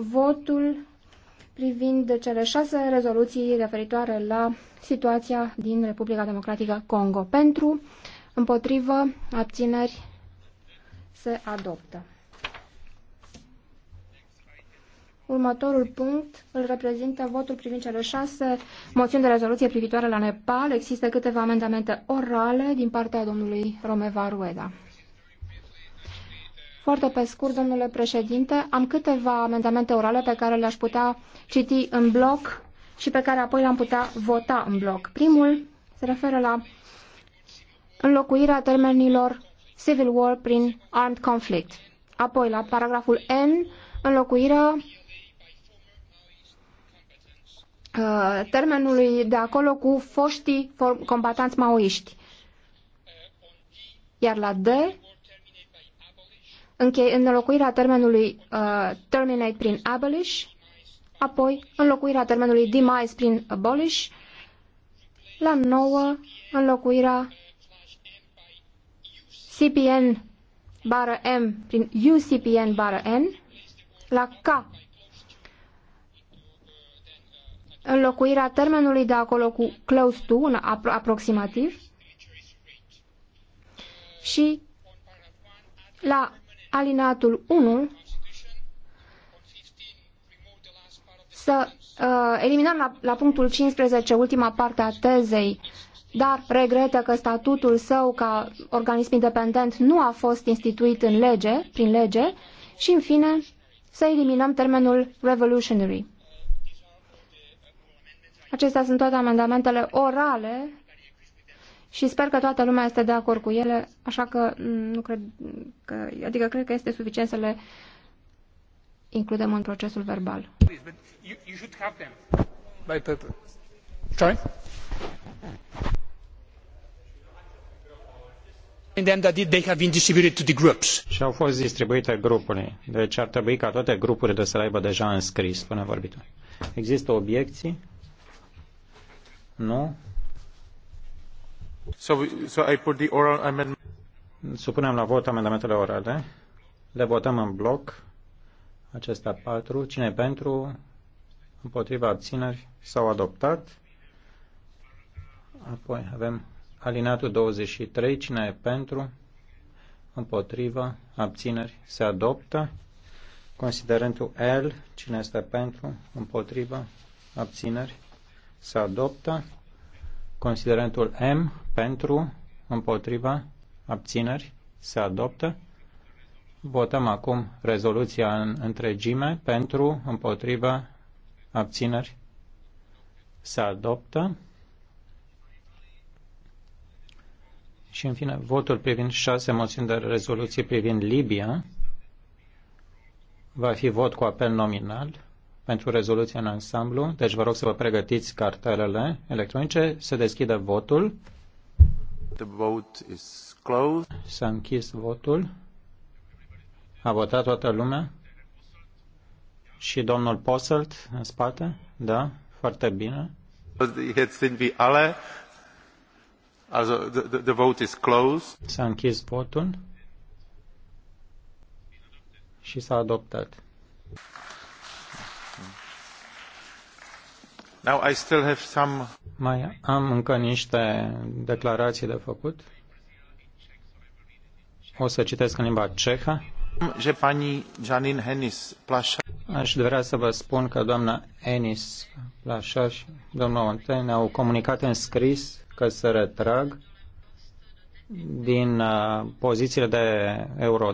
votul privind cele șase rezoluții referitoare la situația din Republica Democratică Congo. Pentru, împotrivă, abțineri se adoptă. Următorul punct îl reprezintă votul privind cele șase moțiuni de rezoluție privitoare la Nepal. Există câteva amendamente orale din partea domnului Romeva Rueda. Foarte pe scurt, domnule președinte, am câteva amendamente orale pe care le-aș putea citi în bloc și pe care apoi le-am putea vota în bloc. Primul se referă la înlocuirea termenilor civil war prin armed conflict. Apoi, la paragraful N, înlocuirea uh, termenului de acolo cu foștii combatanți maoiști. Iar la D, înlocuirea termenului uh, terminate prin abolish, apoi înlocuirea termenului demise prin abolish, la nouă înlocuirea CPN bară M prin UCPN bară N, la K înlocuirea termenului de acolo cu close to, în apro aproximativ, și la alineatul 1 să uh, eliminăm la, la punctul 15 ultima parte a tezei, dar regretă că statutul său ca organism independent nu a fost instituit în lege, prin lege, și în fine să eliminăm termenul revolutionary. Acestea sunt toate amendamentele orale și sper că toată lumea este de acord cu ele, așa că nu cred că, adică cred că este suficient să le includem în procesul verbal. Și au fost distribuite grupurile, Deci ar trebui ca toate grupurile să le aibă deja înscris, spune vorbitor. Există obiecții? Nu? Supunem la vot amendamentele orale. Le votăm în bloc. Acestea patru. Cine pentru? Împotriva abțineri? S-au adoptat. Apoi avem alineatul 23. Cine e pentru? Împotriva abțineri? Se adoptă. Considerentul L. Cine este pentru? Împotriva abțineri? Se adoptă. Considerentul M pentru, împotriva, abțineri se adoptă. Votăm acum rezoluția în întregime pentru, împotriva, abțineri se adoptă. Și în fine, votul privind șase moțiuni de rezoluție privind Libia va fi vot cu apel nominal pentru rezoluția în ansamblu. Deci vă rog să vă pregătiți cartelele electronice. Se deschide votul. The vote is closed. S-a închis votul. A votat toată lumea. Și domnul Posselt în spate. Da, foarte bine. Jetzt sind wir alle. Also the, the, the vote is closed. S-a închis votul. Și s-a adoptat. Now I still have some... Mai am încă niște declarații de făcut. O să citesc în limba cehă. Janin Henis Aș vrea să vă spun că doamna Enis Plașa și domnul ne au comunicat în scris că se retrag din uh, pozițiile de euro.